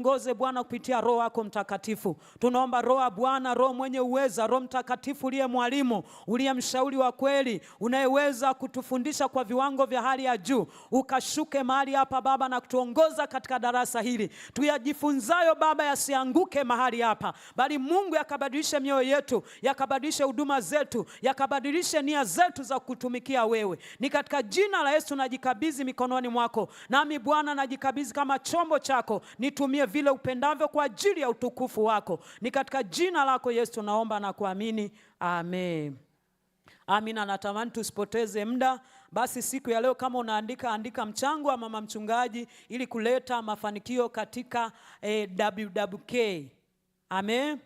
ngoze Bwana kupitia Roho yako Mtakatifu. Tunaomba Roho Bwana, Roho mwenye uweza, Roho Mtakatifu uliye mwalimu, uliye mshauri wa kweli, unayeweza kutufundisha kwa viwango vya hali ya juu, ukashuke mahali hapa Baba na kutuongoza katika darasa hili, tuyajifunzayo Baba yasianguke mahali hapa, bali Mungu yakabadilishe mioyo yetu, yakabadilishe huduma zetu, yakabadilishe nia zetu za kutumikia wewe. Ni katika jina la Yesu najikabidhi mikononi mwako, nami Bwana najikabidhi kama chombo chako, nitumie vile upendavyo kwa ajili ya utukufu wako. Ni katika jina lako Yesu tunaomba na kuamini, amen. Amina. Natamani tusipoteze muda. Basi siku ya leo, kama unaandika andika mchango wa mama mchungaji ili kuleta mafanikio katika e, eh, WWK. Amen.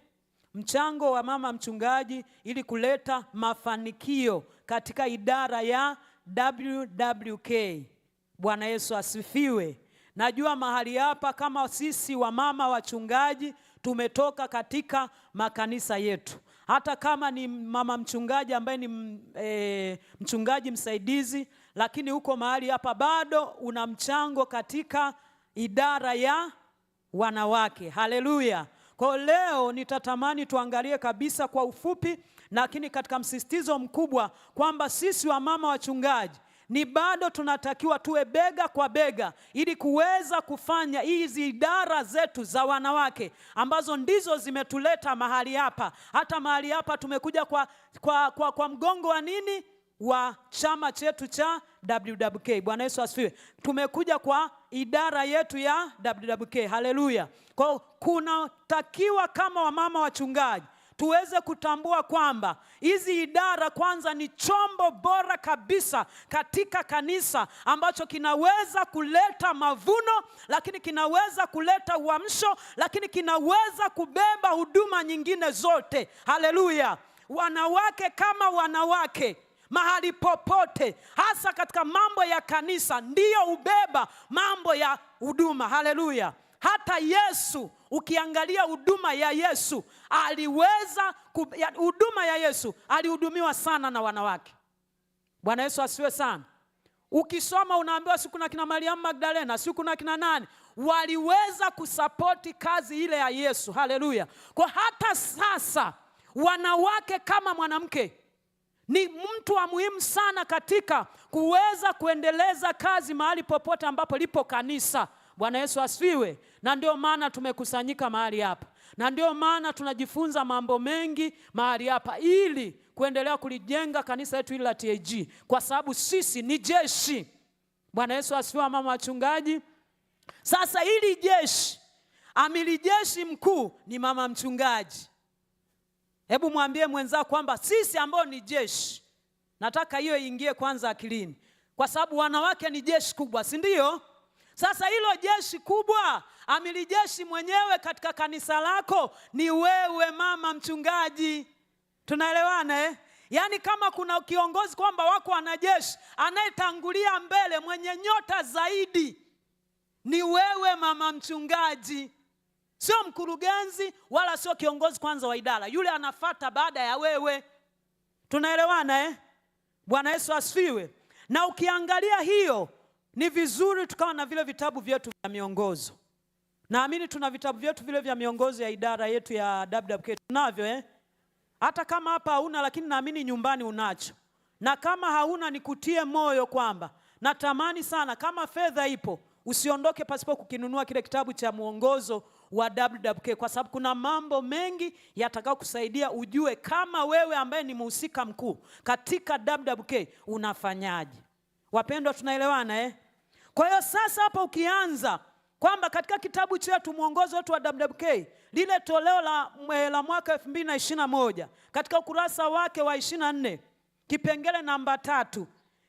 Mchango wa mama mchungaji ili kuleta mafanikio katika idara ya WWK. Bwana Yesu asifiwe. Najua mahali hapa kama sisi wamama wachungaji tumetoka katika makanisa yetu, hata kama ni mama mchungaji ambaye ni e, mchungaji msaidizi, lakini huko mahali hapa bado una mchango katika idara ya wanawake. Haleluya! Kwa leo nitatamani tuangalie kabisa kwa ufupi, lakini katika msisitizo mkubwa kwamba sisi wamama wachungaji ni bado tunatakiwa tuwe bega kwa bega, ili kuweza kufanya hizi idara zetu za wanawake ambazo ndizo zimetuleta mahali hapa. Hata mahali hapa tumekuja kwa, kwa, kwa, kwa mgongo wa nini wa chama chetu cha WWK. Bwana Yesu asifiwe. Tumekuja kwa idara yetu ya WWK. Haleluya. Kwa kunatakiwa kama wamama wachungaji tuweze kutambua kwamba hizi idara kwanza ni chombo bora kabisa katika kanisa ambacho kinaweza kuleta mavuno, lakini kinaweza kuleta uamsho, lakini kinaweza kubeba huduma nyingine zote. Haleluya! Wanawake kama wanawake mahali popote, hasa katika mambo ya kanisa, ndiyo hubeba mambo ya huduma. Haleluya! Hata Yesu ukiangalia huduma ya Yesu aliweza huduma ya, ya Yesu alihudumiwa sana na wanawake. Bwana Yesu asiwe sana. Ukisoma unaambiwa siku na kina Mariamu Magdalena, siku na kina nani waliweza kusapoti kazi ile ya Yesu. Haleluya! Kwa hata sasa wanawake kama mwanamke ni mtu wa muhimu sana katika kuweza kuendeleza kazi mahali popote ambapo lipo kanisa. Bwana Yesu asifiwe. Na ndio maana tumekusanyika mahali hapa, na ndio maana tunajifunza mambo mengi mahali hapa, ili kuendelea kulijenga kanisa letu hili la TAG, kwa sababu sisi ni jeshi. Bwana Yesu asifiwe, mama wachungaji. Sasa hili jeshi, amili jeshi mkuu ni mama mchungaji. Hebu mwambie mwenzako kwamba sisi ambao ni jeshi, nataka hiyo iingie kwanza akilini, kwa sababu wanawake ni jeshi kubwa, si ndio? Sasa hilo jeshi kubwa, amili jeshi mwenyewe katika kanisa lako ni wewe, mama mchungaji. Tunaelewana eh? Yaani, kama kuna kiongozi kwamba wako wanajeshi, anayetangulia mbele mwenye nyota zaidi ni wewe, mama mchungaji, sio mkurugenzi wala sio kiongozi kwanza wa idara. Yule anafata baada ya wewe. Tunaelewana eh? Bwana Yesu asifiwe. Na ukiangalia hiyo ni vizuri tukawa na vile vitabu vyetu vya miongozo. Naamini tuna vitabu vyetu vile vya miongozo ya idara yetu ya WWK tunavyo, eh? Hata kama hapa hauna, lakini naamini nyumbani unacho, na kama hauna nikutie moyo kwamba natamani sana kama fedha ipo usiondoke pasipo kukinunua kile kitabu cha mwongozo wa WWK, kwa sababu kuna mambo mengi yatakao kusaidia ujue kama wewe ambaye ni mhusika mkuu katika WWK unafanyaje. Wapendwa, tunaelewana eh? Kwa hiyo sasa hapa ukianza kwamba katika kitabu chetu mwongozo wetu wa WWK lile toleo la, la mwaka moja katika ukurasa wake wa 24 kipengele namba tatu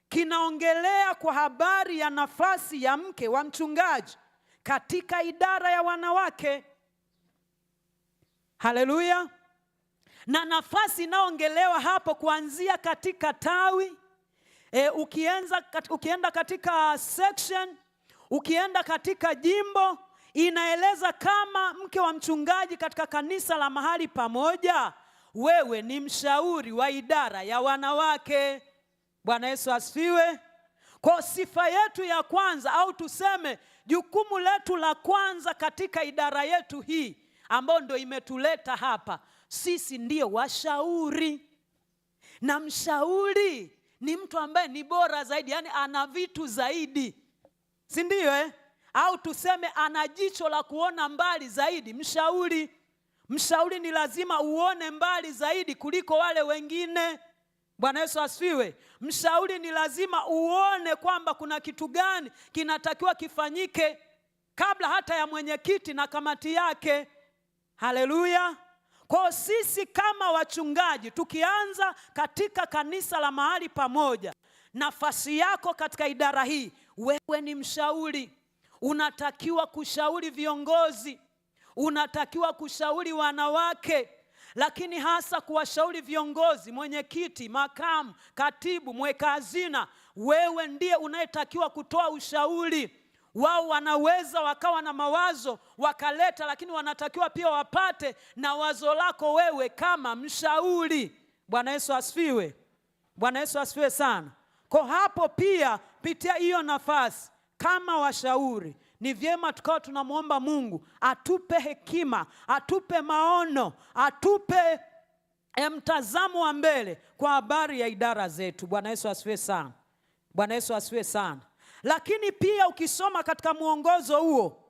kinaongelea kwa habari ya nafasi ya mke wa mchungaji katika idara ya wanawake. Haleluya! Na nafasi inayoongelewa hapo kuanzia katika tawi e, ukienza, kat, ukienda katika section ukienda katika jimbo inaeleza kama mke wa mchungaji katika kanisa la mahali pamoja, wewe ni mshauri wa idara ya wanawake. Bwana Yesu asifiwe. Kwa sifa yetu ya kwanza au tuseme jukumu letu la kwanza katika idara yetu hii ambayo ndio imetuleta hapa, sisi ndio washauri na mshauri ni mtu ambaye ni bora zaidi, yaani ana vitu zaidi, si ndio eh? Au tuseme ana jicho la kuona mbali zaidi. Mshauri, mshauri ni lazima uone mbali zaidi kuliko wale wengine. Bwana Yesu asifiwe. Mshauri ni lazima uone kwamba kuna kitu gani kinatakiwa kifanyike kabla hata ya mwenyekiti na kamati yake. Haleluya! Kwa sisi kama wachungaji tukianza katika kanisa la mahali pamoja, nafasi yako katika idara hii, wewe ni mshauri, unatakiwa kushauri viongozi, unatakiwa kushauri wanawake lakini hasa kuwashauri viongozi, mwenyekiti, makamu, katibu, mweka hazina. Wewe ndiye unayetakiwa kutoa ushauri wao wanaweza wakawa na mawazo wakaleta, lakini wanatakiwa pia wapate na wazo lako wewe kama mshauri. Bwana Yesu asifiwe! Bwana Yesu asifiwe sana. Kwa hapo pia pitia hiyo nafasi kama washauri ni vyema tukawa tunamwomba Mungu atupe hekima, atupe maono, atupe eh, mtazamo wa mbele kwa habari ya idara zetu. Bwana Yesu asifiwe sana. Bwana Yesu asifiwe sana. Lakini pia ukisoma katika mwongozo huo,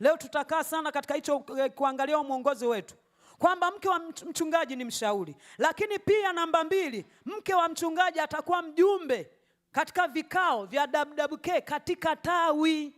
leo tutakaa sana katika hicho eh, kuangalia mwongozo wetu kwamba mke wa mchungaji ni mshauri, lakini pia namba mbili, mke wa mchungaji atakuwa mjumbe katika vikao vya WWK katika tawi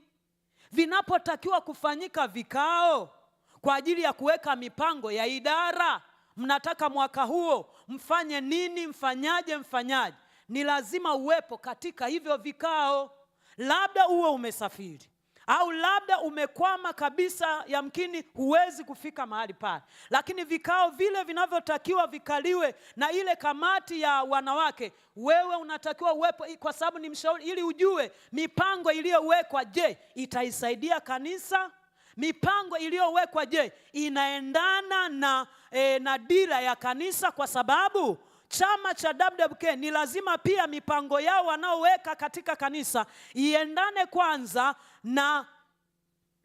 vinapotakiwa kufanyika vikao kwa ajili ya kuweka mipango ya idara. Mnataka mwaka huo mfanye nini? Mfanyaje? Mfanyaje? ni lazima uwepo katika hivyo vikao. Labda uwe umesafiri au labda umekwama kabisa, yamkini huwezi kufika mahali pale, lakini vikao vile vinavyotakiwa vikaliwe na ile kamati ya wanawake, wewe unatakiwa uwepo, kwa sababu ni mshauri, ili ujue mipango iliyowekwa, je, itaisaidia kanisa? Mipango iliyowekwa, je, inaendana na, e, na dira ya kanisa? Kwa sababu chama cha WWK ni lazima pia mipango yao wanaoweka katika kanisa iendane kwanza na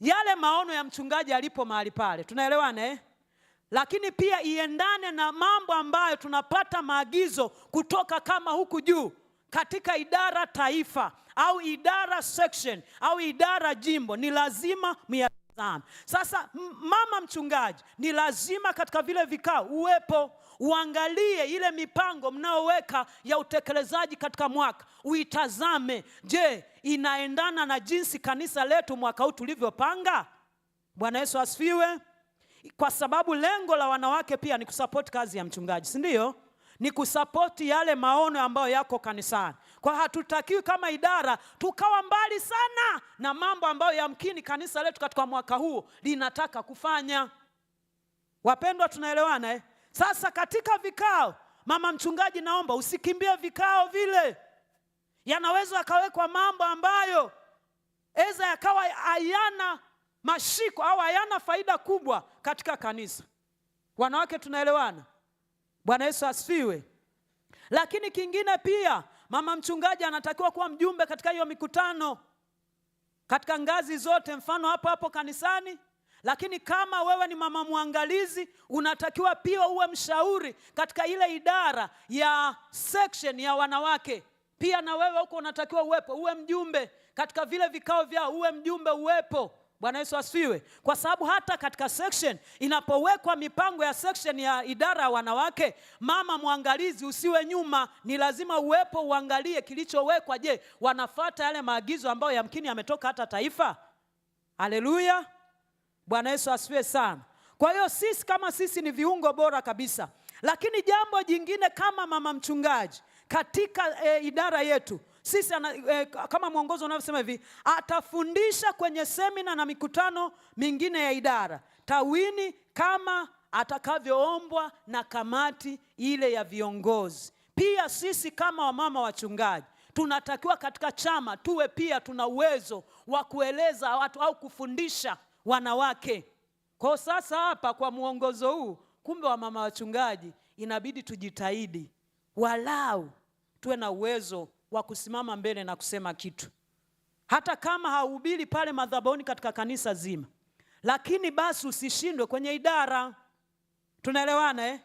yale maono ya mchungaji alipo mahali pale, tunaelewana eh? Lakini pia iendane na mambo ambayo tunapata maagizo kutoka kama huku juu katika idara taifa au idara section au idara jimbo, ni lazima miyatazame. Sasa mama mchungaji, ni lazima katika vile vikao uwepo uangalie ile mipango mnaoweka ya utekelezaji katika mwaka, uitazame. Je, inaendana na jinsi kanisa letu mwaka huu tulivyopanga? Bwana Yesu asifiwe. Kwa sababu lengo la wanawake pia ni kusapoti kazi ya mchungaji, si ndio? Ni kusapoti yale maono ambayo yako kanisani. Kwa hatutakiwi kama idara tukawa mbali sana na mambo ambayo yamkini kanisa letu katika mwaka huu linataka kufanya. Wapendwa, tunaelewana eh? Sasa katika vikao, mama mchungaji, naomba usikimbie vikao vile. Yanaweza yakawekwa mambo ambayo eza yakawa hayana mashiko au hayana faida kubwa katika kanisa. Wanawake tunaelewana? Bwana Yesu asifiwe. Lakini kingine pia, mama mchungaji anatakiwa kuwa mjumbe katika hiyo mikutano, katika ngazi zote, mfano hapo hapo kanisani lakini kama wewe ni mama mwangalizi, unatakiwa pia uwe mshauri katika ile idara ya section ya wanawake. Pia na wewe huko unatakiwa uwepo, uwe mjumbe katika vile vikao vyao, uwe mjumbe, uwepo. Bwana Yesu asifiwe. Kwa sababu hata katika section inapowekwa mipango ya section ya idara ya wanawake, mama mwangalizi usiwe nyuma, ni lazima uwepo, uangalie kilichowekwa. Je, wanafata yale maagizo ambayo yamkini yametoka hata taifa? Haleluya. Bwana Yesu asifiwe sana. Kwa hiyo sisi kama sisi ni viungo bora kabisa, lakini jambo jingine kama mama mchungaji katika e, idara yetu sisi ana, e, kama mwongozo unavyosema hivi, atafundisha kwenye semina na mikutano mingine ya idara tawini kama atakavyoombwa na kamati ile ya viongozi. Pia sisi kama wamama wachungaji tunatakiwa katika chama tuwe pia tuna uwezo wa kueleza watu au kufundisha wanawake. Kwa sasa hapa kwa mwongozo huu, kumbe wa mama wachungaji, inabidi tujitahidi walau tuwe na uwezo wa kusimama mbele na kusema kitu, hata kama hauhubiri pale madhabahuni katika kanisa zima, lakini basi usishindwe kwenye idara. Tunaelewana eh?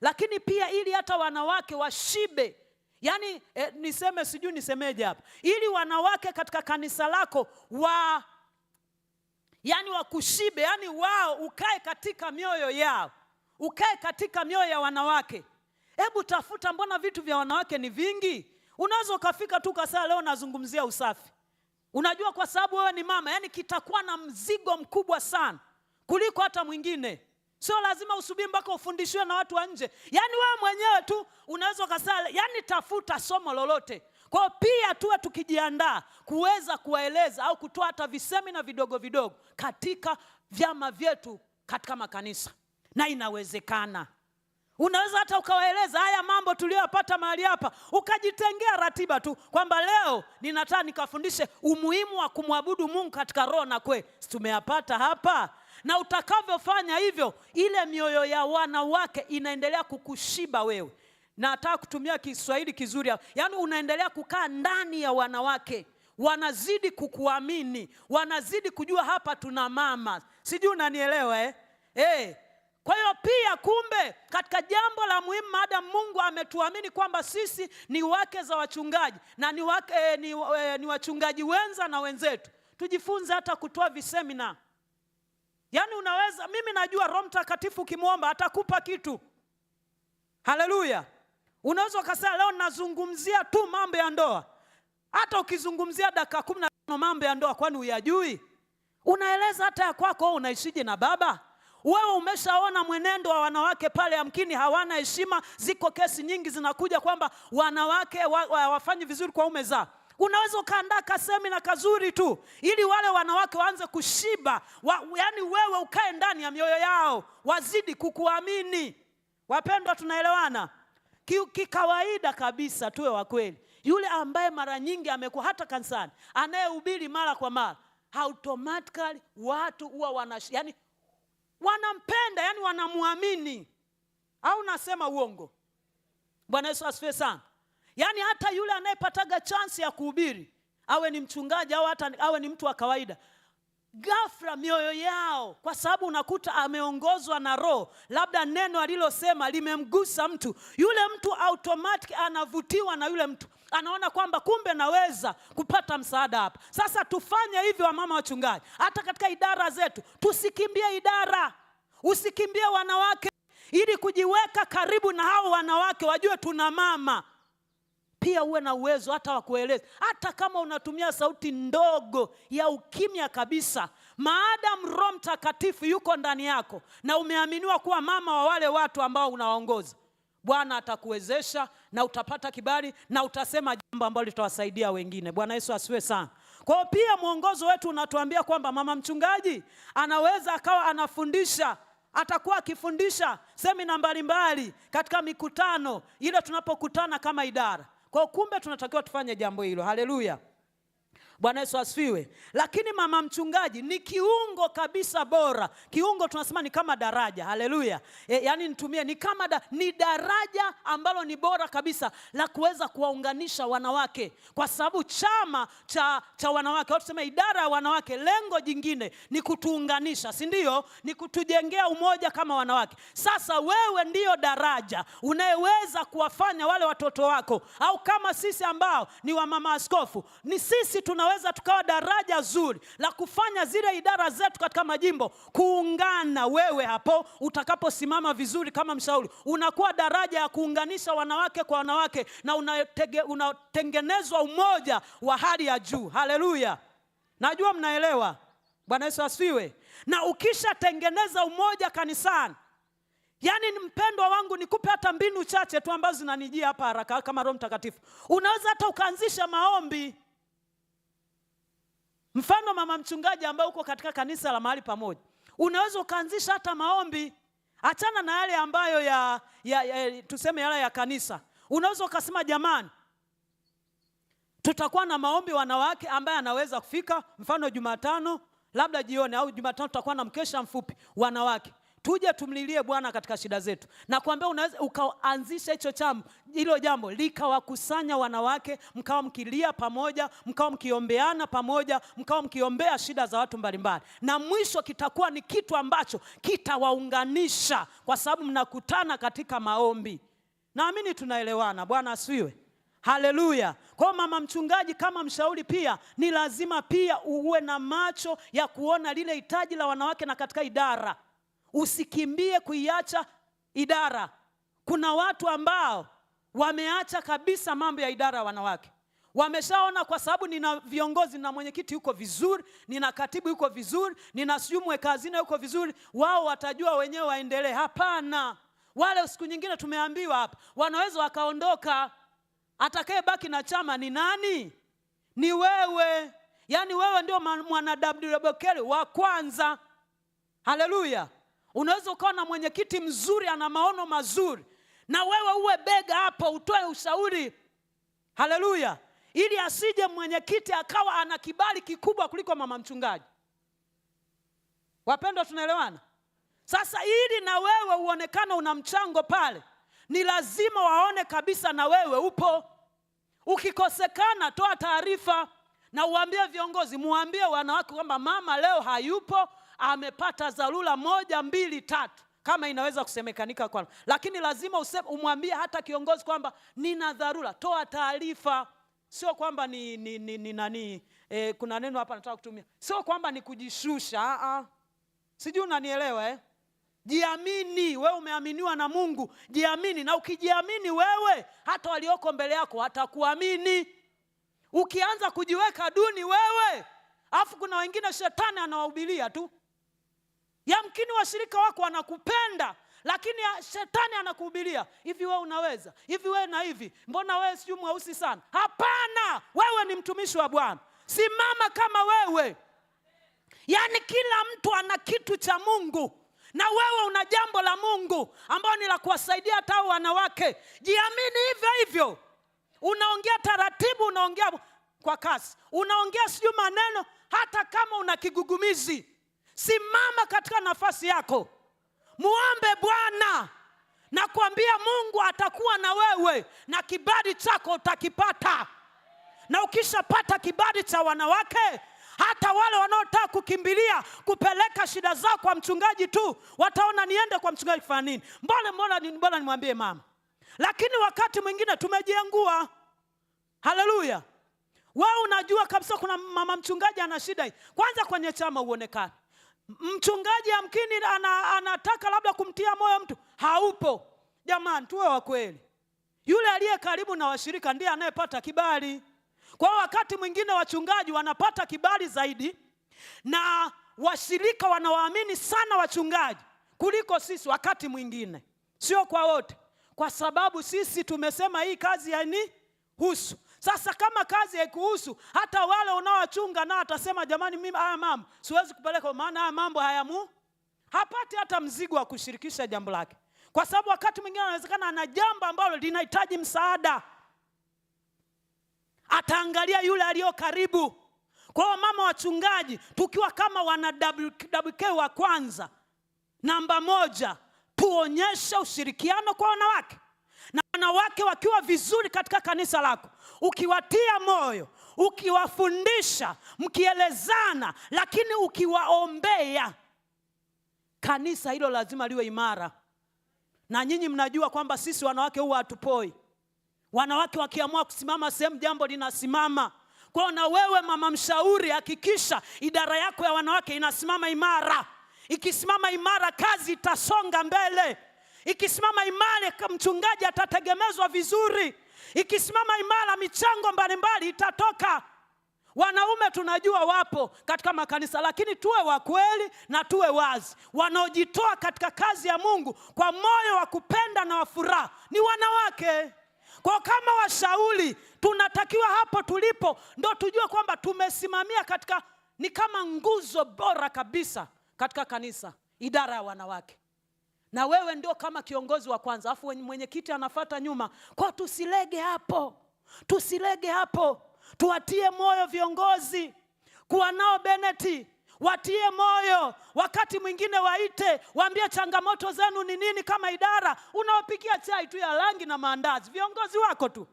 Lakini pia ili hata wanawake washibe yaani, eh, niseme sijui nisemeje hapa, ili wanawake katika kanisa lako wa yaani wakushibe, yaani wao ukae katika mioyo yao, ukae katika mioyo ya wanawake. Hebu tafuta, mbona vitu vya wanawake ni vingi? Unaweza ukafika tu kasaa, leo nazungumzia usafi. Unajua, kwa sababu wewe ni mama, yaani kitakuwa na mzigo mkubwa sana kuliko hata mwingine. Sio lazima usubiri mpaka ufundishwe na watu wa nje, yaani wewe mwenyewe tu unaweza ukasaa. Yaani tafuta somo lolote kwa pia tuwe tukijiandaa kuweza kuwaeleza au kutoa hata visemina vidogo vidogo katika vyama vyetu katika makanisa, na inawezekana unaweza hata ukawaeleza haya mambo tuliyoyapata mahali hapa, ukajitengea ratiba tu kwamba leo ninataka nikafundishe umuhimu wa kumwabudu Mungu katika roho na kwe tumeyapata hapa. Na utakavyofanya hivyo, ile mioyo ya wanawake inaendelea kukushiba wewe, na nataka kutumia Kiswahili kizuri, yaani unaendelea kukaa ndani ya wanawake, wanazidi kukuamini, wanazidi kujua hapa tuna mama, sijui unanielewa eh? Eh. Kwa hiyo pia kumbe, katika jambo la muhimu, maadamu Mungu ametuamini kwamba sisi ni wake za wachungaji na ni, wake, eh, ni, eh, ni wachungaji wenza na wenzetu, tujifunze hata kutoa visemina. Yaani unaweza, mimi najua Roho Mtakatifu ukimwomba atakupa kitu. Haleluya! Unaweza ukasema leo nazungumzia tu mambo ya ndoa, hata ukizungumzia dakika kumi na tano mambo ya ndoa, kwani uyajui? Unaeleza hata ya kwako unaishije na baba wewe umeshaona mwenendo wa wanawake pale, yamkini hawana heshima. Ziko kesi nyingi zinakuja kwamba wanawake hawafanyi wa, wa, vizuri kwa ume Unaweza ukaandaa kasemi na kazuri tu ili wale wanawake waanze kushiba wa, yaani wewe ukae ndani ya mioyo yao, wazidi kukuamini. Wapendwa, tunaelewana? Kikawaida kabisa, tuwe wa kweli, yule ambaye mara nyingi amekuwa hata kanisani, anayehubiri mara kwa mara, automatically watu huwa wana yani, wanampenda yani wanamwamini, au nasema uongo? Bwana Yesu asifiwe sana. Yaani hata yule anayepataga chansi ya kuhubiri awe ni mchungaji au hata awe ni mtu wa kawaida, ghafla mioyo yao, kwa sababu unakuta ameongozwa na roho, labda neno alilosema limemgusa mtu yule, mtu automatic anavutiwa na yule mtu, anaona kwamba kumbe naweza kupata msaada hapa. Sasa tufanye hivyo, wamama wachungaji, hata katika idara zetu tusikimbie idara, usikimbie wanawake, ili kujiweka karibu na hao wanawake, wajue tuna mama pia uwe na uwezo hata wa kueleza, hata kama unatumia sauti ndogo ya ukimya kabisa. Maadamu Roho Mtakatifu yuko ndani yako na umeaminiwa kuwa mama wa wale watu ambao unawaongoza, Bwana atakuwezesha na utapata kibali na utasema jambo ambalo litawasaidia wengine. Bwana Yesu asiwe sana. Kwa hiyo pia mwongozo wetu unatuambia kwamba mama mchungaji anaweza akawa anafundisha atakuwa akifundisha semina mbalimbali katika mikutano ile tunapokutana kama idara, kwa kumbe tunatakiwa tufanye jambo hilo. Haleluya. Bwana Yesu asifiwe. Lakini mama mchungaji ni kiungo kabisa bora. Kiungo tunasema ni kama daraja. Haleluya. E, yaani nitumie ni kama da, ni daraja ambalo ni bora kabisa la kuweza kuwaunganisha wanawake, kwa sababu chama cha, cha wanawake tuseme idara ya wanawake, lengo jingine ni kutuunganisha, si ndio? Ni kutujengea umoja kama wanawake. Sasa wewe ndiyo daraja unayeweza kuwafanya wale watoto wako au kama sisi ambao ni wamama askofu, ni sisi tuna tunaweza tukawa daraja zuri la kufanya zile idara zetu katika majimbo kuungana. Wewe hapo utakaposimama vizuri kama mshauri, unakuwa daraja ya kuunganisha wanawake kwa wanawake na unatengenezwa umoja wa hali ya juu. Haleluya, najua mnaelewa. Bwana Yesu asifiwe. Na ukishatengeneza umoja kanisani Yaani mpendwa wangu, nikupe hata mbinu chache tu ambazo zinanijia hapa haraka kama Roho Mtakatifu. Unaweza hata ukaanzisha maombi. Mfano mama mchungaji, ambaye uko katika kanisa la mahali pamoja, unaweza ukaanzisha hata maombi, achana na yale ambayo ya, ya, ya tuseme yale ya kanisa. Unaweza ukasema jamani, tutakuwa na maombi wanawake, ambaye anaweza kufika mfano Jumatano labda jioni au Jumatano tutakuwa na mkesha mfupi wanawake tuje tumlilie Bwana katika shida zetu. Na kuambia unaweza ukaanzisha hicho chama hilo jambo likawakusanya wanawake, mkawa mkilia pamoja, mkawa mkiombeana pamoja, mkawa mkiombea shida za watu mbalimbali, na mwisho kitakuwa ni kitu ambacho kitawaunganisha kwa sababu mnakutana katika maombi. Naamini tunaelewana. Bwana asiwe Haleluya! Kwa mama mchungaji, kama mshauri pia, ni lazima pia uwe na macho ya kuona lile hitaji la wanawake na katika idara Usikimbie kuiacha idara. Kuna watu ambao wameacha kabisa mambo ya idara ya wanawake, wameshaona kwa sababu nina viongozi, nina mwenyekiti yuko vizuri, nina katibu yuko vizuri, nina sijumwe kazina hazina yuko vizuri, wao watajua wenyewe waendelee. Hapana, wale siku nyingine tumeambiwa hapa wanaweza wakaondoka. Atakayebaki na chama ni nani? Ni wewe. Yaani wewe ndio mwana wa kwanza. Haleluya! Unaweza ukawa na mwenyekiti mzuri, ana maono mazuri, na wewe uwe bega hapo, utoe ushauri. Haleluya! ili asije mwenyekiti akawa ana kibali kikubwa kuliko mama mchungaji. Wapendwa, tunaelewana? Sasa ili na wewe uonekane una mchango pale, ni lazima waone kabisa na wewe upo. Ukikosekana toa taarifa na uambie viongozi, muambie wanawake kwamba mama leo hayupo, amepata dharura moja mbili tatu kama inaweza kusemekanika kwa lakini lazima umwambie hata kiongozi kwamba nina dharura, toa taarifa. Sio kwamba ni, ni, ni, ni nani e, kuna neno hapa nataka kutumia, sio kwamba ni kujishusha a, sijui unanielewa eh? Jiamini, wewe umeaminiwa na Mungu, jiamini. Na ukijiamini wewe, hata walioko mbele yako watakuamini. Ukianza kujiweka duni wewe, alafu kuna wengine shetani anawahubilia tu Yamkini washirika wako wanakupenda, lakini shetani anakuhubiria hivi, wewe unaweza hivi, wewe na hivi, mbona wewe sijui mweusi sana. Hapana, wewe ni mtumishi wa Bwana, simama kama wewe. Yaani kila mtu ana kitu cha Mungu na wewe una jambo la Mungu ambayo ni la kuwasaidia hata wanawake. Jiamini hivyo hivyo, unaongea taratibu, unaongea kwa kasi, unaongea sijui maneno, hata kama una kigugumizi Simama katika nafasi yako, muombe Bwana na kuambia Mungu atakuwa na wewe, na kibali chako utakipata. Na ukishapata kibali cha wanawake, hata wale wanaotaka kukimbilia kupeleka shida zao kwa mchungaji tu wataona niende kwa mchungaji kufanya nini? Mbona mbona mbona nimwambie mama? Lakini wakati mwingine tumejiangua. Haleluya! Wewe unajua kabisa kuna mama mchungaji ana shida hii, kwanza kwenye chama uonekane mchungaji amkini anataka labda kumtia moyo mtu haupo. Jamani, tuwe wa kweli. Yule aliye karibu na washirika ndiye anayepata kibali. Kwa hiyo wakati mwingine wachungaji wanapata kibali zaidi na washirika wanawaamini sana wachungaji kuliko sisi wakati mwingine, sio kwa wote, kwa sababu sisi tumesema hii kazi yani husu sasa kama kazi haikuhusu, hata wale unaowachunga nao atasema jamani, mimi haya mambo siwezi kupeleka, maana haya mambo hayamu, hapati hata mzigo wa kushirikisha jambo lake, kwa sababu wakati mwingine anawezekana ana jambo ambalo linahitaji msaada, ataangalia yule aliyo karibu. Kwa hiyo mama wachungaji, tukiwa kama wana WK wa kwanza, namba moja, tuonyeshe ushirikiano kwa wanawake wanawake wakiwa vizuri katika kanisa lako, ukiwatia moyo, ukiwafundisha, mkielezana, lakini ukiwaombea, kanisa hilo lazima liwe imara. Na nyinyi mnajua kwamba sisi wanawake huwa hatupoi. Wanawake wakiamua kusimama sehemu, jambo linasimama kwao. Na wewe mama mshauri, hakikisha idara yako ya wanawake inasimama imara. Ikisimama imara, kazi itasonga mbele ikisimama imara, mchungaji atategemezwa vizuri. Ikisimama imara, michango mbalimbali itatoka. Wanaume tunajua wapo katika makanisa, lakini tuwe wa kweli na tuwe wazi. Wanaojitoa katika kazi ya Mungu kwa moyo wa kupenda na wa furaha ni wanawake. Kwa kama washauri tunatakiwa hapo tulipo ndo tujue kwamba tumesimamia katika, ni kama nguzo bora kabisa katika kanisa, idara ya wanawake na wewe ndio kama kiongozi wa kwanza, afu mwenyekiti anafata nyuma. Kwa tusilege hapo, tusilege hapo, tuwatie moyo viongozi kuwa nao beneti watie moyo, wakati mwingine waite, waambie changamoto zenu ni nini. Kama idara unaopikia chai tu ya rangi na maandazi, viongozi wako tu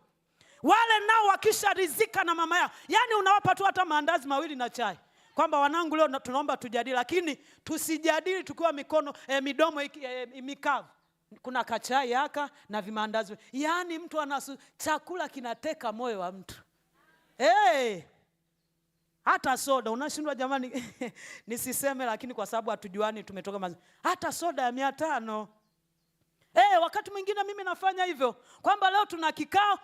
wale nao wakisharizika na mama yao, yaani unawapa tu hata maandazi mawili na chai kwamba wanangu, leo tunaomba tujadili, lakini tusijadili tukiwa mikono e, midomo e, mikavu kuna kachai haka na vimandazi, yaani mtu anasu, chakula kinateka moyo wa mtu hey! hata soda unashindwa jamani, nisiseme lakini kwa sababu hatujuani, tumetoka mazi. hata soda ya mia tano hey, wakati mwingine mimi nafanya hivyo kwamba leo tuna kikao,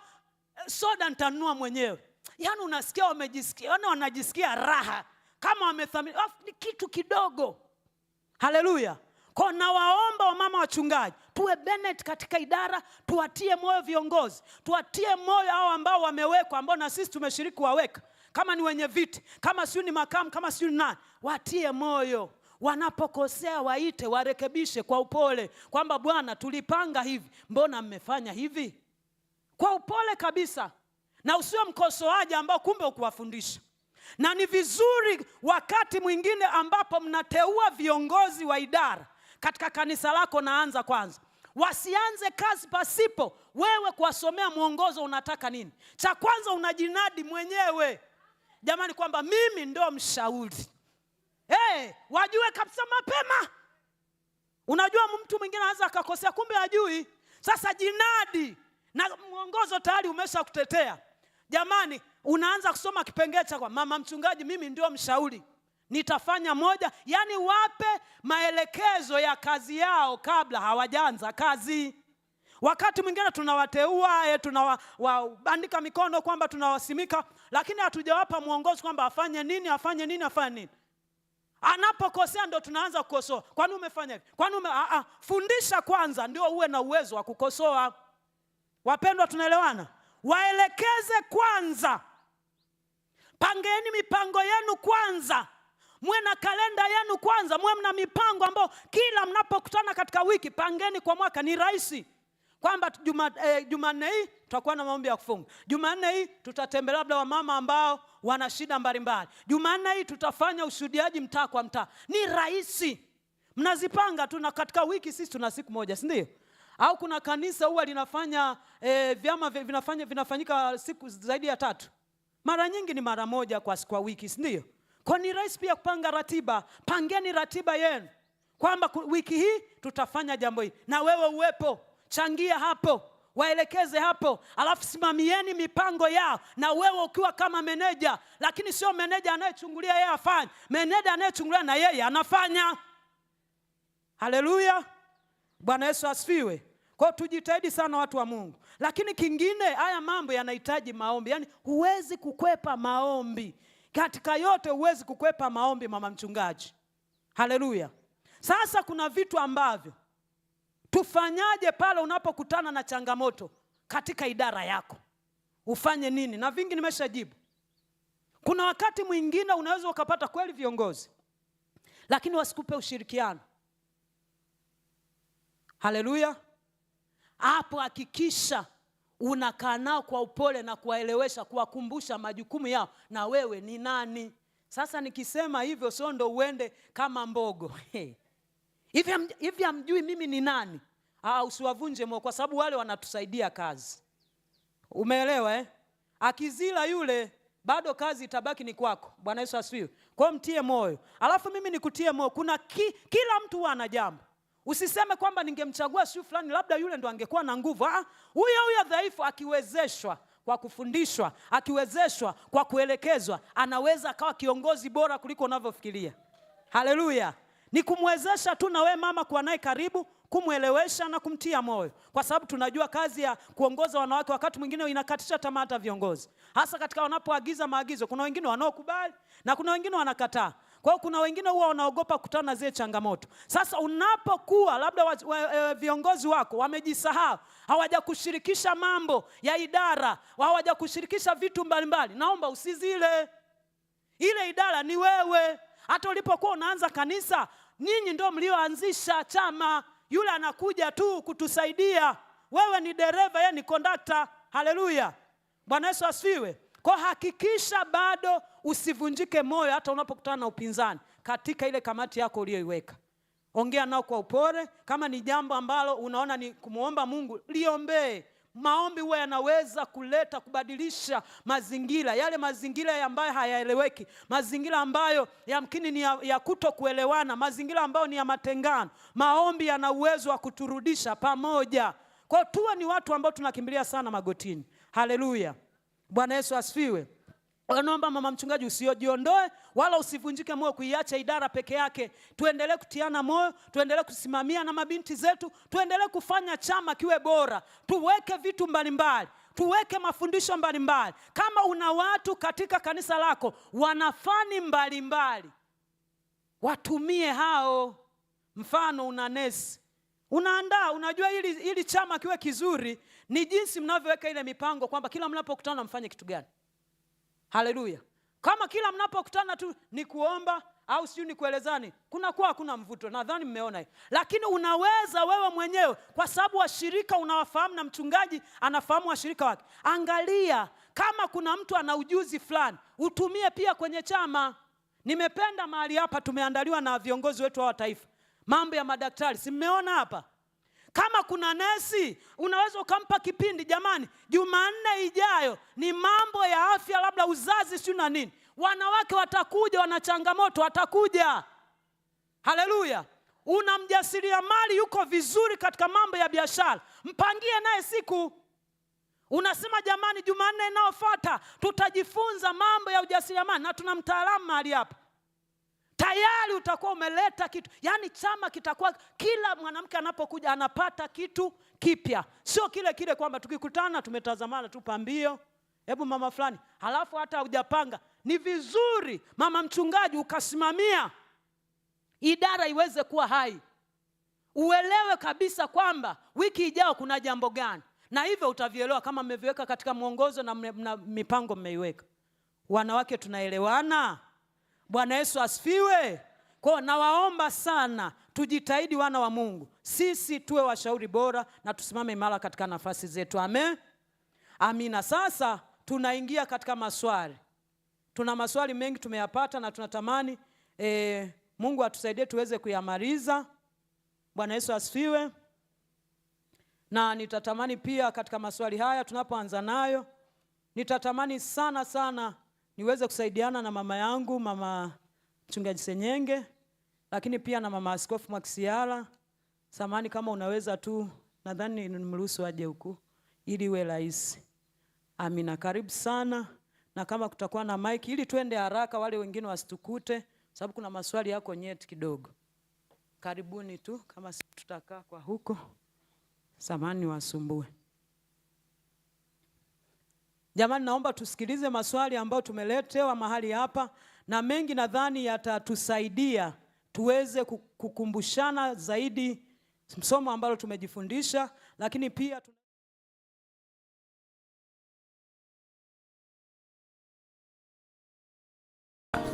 eh, soda nitanunua mwenyewe. Yaani unasikia wamejisikia, yaani wanajisikia raha kama wamethamini, ni kitu kidogo. Haleluya! Kwa nawaomba wamama wachungaji, tuwe benet katika idara, tuwatie moyo viongozi, tuwatie moyo hao ambao wamewekwa, ambao na sisi tumeshiriki waweka kama ni wenye viti, kama siu ni makamu, kama siu ni nani, watie moyo wanapokosea waite, warekebishe kwa upole, kwamba bwana, tulipanga hivi, mbona mmefanya hivi? Kwa upole kabisa, na usio mkosoaji ambao kumbe ukuwafundisha na ni vizuri wakati mwingine ambapo mnateua viongozi wa idara katika kanisa lako, naanza kwanza wasianze kazi pasipo wewe kuwasomea mwongozo. Unataka nini? Cha kwanza unajinadi mwenyewe jamani, kwamba mimi ndo mshauri. Hey, wajue kabisa mapema. Unajua mtu mwingine anaweza akakosea, kumbe hajui. Sasa jinadi na mwongozo tayari umesha kutetea jamani unaanza kusoma kipengele cha kwa mama mchungaji, mimi ndio mshauri, nitafanya moja. Yaani wape maelekezo ya kazi yao kabla hawajaanza kazi. Wakati mwingine tunawateua, eh, tunawabandika mikono kwamba tunawasimika, lakini hatujawapa mwongozo kwamba afanye nini, afanye nini, afanye nini. Anapokosea ndo tunaanza kukosoa, kwani umefanya hivi, kwani ume... fundisha kwanza, ndio uwe na uwezo wa kukosoa. Wapendwa, tunaelewana? Waelekeze kwanza pangeni mipango yenu kwanza, mwe na kalenda yenu kwanza, mwe mna mipango ambayo kila mnapokutana katika wiki. Pangeni kwa mwaka, ni rahisi kwamba eh, Jumanne eh, juma hii tutakuwa na maombi ya kufunga. Jumanne hii tutatembelea labda wamama ambao wana shida mbalimbali. Jumanne hii tutafanya ushuhudiaji mtaa kwa mtaa. Ni rahisi, mnazipanga tu, na katika wiki sisi tuna siku moja, si ndio? Au kuna kanisa huwa linafanya eh, vyama vinafanya vinafanyika siku zaidi ya tatu mara nyingi ni mara moja kwa, kwa wiki, si ndio? Kwa ni rahisi pia kupanga ratiba. Pangeni ratiba yenu kwamba wiki hii tutafanya jambo hili, na wewe uwepo, changia hapo, waelekeze hapo, alafu simamieni mipango yao, na wewe ukiwa kama meneja, lakini sio meneja anayechungulia yeye afanye, meneja anayechungulia na yeye anafanya. Haleluya, Bwana Yesu asifiwe. Kwa tujitahidi sana watu wa Mungu, lakini kingine, haya mambo yanahitaji maombi. Yaani huwezi kukwepa maombi katika yote, huwezi kukwepa maombi, mama mchungaji. Haleluya! Sasa kuna vitu ambavyo tufanyaje pale unapokutana na changamoto katika idara yako, ufanye nini? Na vingi nimeshajibu. Kuna wakati mwingine unaweza ukapata kweli viongozi, lakini wasikupe ushirikiano. Haleluya! hapo hakikisha unakaa nao kwa upole na kuwaelewesha, kuwakumbusha majukumu yao na wewe ni nani. Sasa nikisema hivyo, sio ndo uende kama mbogo hivi, hamjui mimi ni nani? Ah, usiwavunje moyo, kwa sababu wale wanatusaidia kazi. Umeelewa eh? Akizila yule bado kazi itabaki ni kwako. Bwana Yesu asifiwe. Kwa mtie moyo, alafu mimi nikutie moyo. Kuna ki, kila mtu ana jambo Usiseme kwamba ningemchagua siu fulani, labda yule ndo angekuwa na nguvu. Ah, huyo huyo dhaifu akiwezeshwa kwa kufundishwa, akiwezeshwa kwa kuelekezwa, anaweza akawa kiongozi bora kuliko unavyofikiria. Haleluya! Ni kumwezesha tu na wewe mama kuwa naye karibu, kumwelewesha na kumtia moyo, kwa sababu tunajua kazi ya kuongoza wanawake wakati mwingine inakatisha tamaa hata viongozi, hasa katika wanapoagiza maagizo. Kuna wengine wanaokubali na kuna wengine wanakataa. Kwa hiyo kuna wengine huwa wanaogopa kutana na zile changamoto. Sasa unapokuwa labda wa, wa, e, viongozi wako wamejisahau, hawajakushirikisha mambo ya idara, hawajakushirikisha vitu mbalimbali, naomba usizile. Ile idara ni wewe. Hata ulipokuwa unaanza kanisa, nyinyi ndio mlioanzisha chama. Yule anakuja tu kutusaidia. Wewe ni dereva, yeye ni kondakta. Haleluya! Bwana Yesu asifiwe. Kwa hakikisha bado usivunjike moyo hata unapokutana na upinzani katika ile kamati yako uliyoiweka. Ongea nao kwa upole. Kama ni jambo ambalo unaona ni kumwomba Mungu, liombee. Maombi huwa yanaweza kuleta kubadilisha mazingira yale, mazingira ambayo hayaeleweki, mazingira ambayo yamkini ni ya, ya kuelewana, mazingira ambayo ni ya matengano. Maombi yana uwezo wa kuturudisha pamoja. Kwa tuwe ni watu ambao tunakimbilia sana magotini. Haleluya! Bwana Yesu asifiwe. Naomba mama mchungaji, usiojiondoe wala usivunjike moyo kuiacha idara peke yake. Tuendelee kutiana moyo, tuendelee kusimamia na mabinti zetu, tuendelee kufanya chama kiwe bora, tuweke vitu mbalimbali tuweke mafundisho mbalimbali. Kama una watu katika kanisa lako wana fani mbalimbali, watumie hao. Mfano una nesi, unaandaa, unajua ili, ili chama kiwe kizuri, ni jinsi mnavyoweka ile mipango kwamba kila mnapokutana mfanye kitu gani. Haleluya! kama kila mnapokutana tu ni kuomba au sijui ni kuelezani, kunakuwa hakuna mvuto. Nadhani mmeona hiyo, lakini unaweza wewe mwenyewe, kwa sababu washirika unawafahamu na mchungaji anafahamu washirika wake. Angalia kama kuna mtu ana ujuzi fulani, utumie pia kwenye chama. Nimependa mahali hapa tumeandaliwa na viongozi wetu wa taifa, mambo ya madaktari, si mmeona hapa kama kuna nesi unaweza ukampa kipindi, jamani, Jumanne ijayo ni mambo ya afya, labda uzazi, siu na nini. Wanawake watakuja, wana changamoto, watakuja. Haleluya! Una mjasiriamali yuko vizuri katika mambo ya biashara, mpangie naye siku. Unasema jamani, Jumanne inayofuata tutajifunza mambo ya ujasiriamali, na tuna mtaalamu mahali hapa tayari utakuwa umeleta kitu, yaani chama kitakuwa, kila mwanamke anapokuja anapata kitu kipya, sio kile kile kwamba tukikutana tumetazamana tu pambio, hebu mama fulani, halafu hata hujapanga. Ni vizuri mama mchungaji ukasimamia idara iweze kuwa hai, uelewe kabisa kwamba wiki ijao kuna jambo gani, na hivyo utavielewa kama mmeviweka katika mwongozo na, na mipango mmeiweka. Wanawake tunaelewana? Bwana Yesu asifiwe. Kwa nawaomba sana tujitahidi, wana wa Mungu, sisi tuwe washauri bora na tusimame imara katika nafasi zetu. Amen, amina. Sasa tunaingia katika maswali. Tuna maswali mengi tumeyapata na tunatamani e, Mungu atusaidie tuweze kuyamaliza. Bwana Yesu asifiwe. Na nitatamani pia katika maswali haya tunapoanza nayo, nitatamani sana sana niweze kusaidiana na mama yangu, mama mchungaji Senyenge, lakini pia na mama askofu Mwaksiala. Samani kama unaweza tu, nadhani nimruhusu aje huku ili iwe rahisi. Amina, karibu sana, na kama kutakuwa na mike ili twende haraka, wale wengine wasitukute, sababu kuna maswali yako nyeti kidogo. Karibuni tu, kama tutakaa kwa huko, samani wasumbue. Jamani, naomba tusikilize maswali ambayo tumeletewa mahali hapa, na mengi nadhani yatatusaidia tuweze kukumbushana zaidi somo ambalo tumejifundisha, lakini pia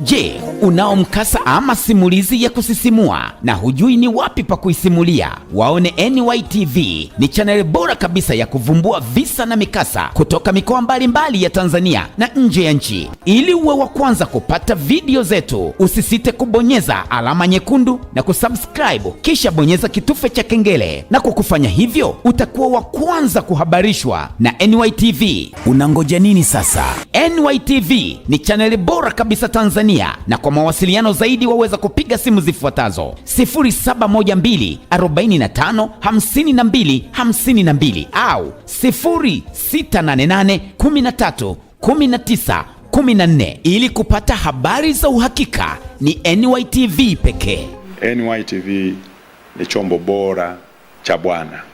Je, unao mkasa ama simulizi ya kusisimua na hujui ni wapi pa kuisimulia? Waone NY TV, ni chaneli bora kabisa ya kuvumbua visa na mikasa kutoka mikoa mbalimbali ya Tanzania na nje ya nchi. Ili uwe wa kwanza kupata video zetu, usisite kubonyeza alama nyekundu na kusubscribe, kisha bonyeza kitufe cha kengele, na kwa kufanya hivyo utakuwa wa kwanza kuhabarishwa na NY TV. Unangoja nini sasa? NY TV ni chaneli bora kabisa Tanzania Tanzania, na kwa mawasiliano zaidi waweza kupiga simu zifuatazo 0712455252 au 0688131914 14 ili kupata habari za uhakika ni NYTV pekee. NYTV ni chombo bora cha Bwana.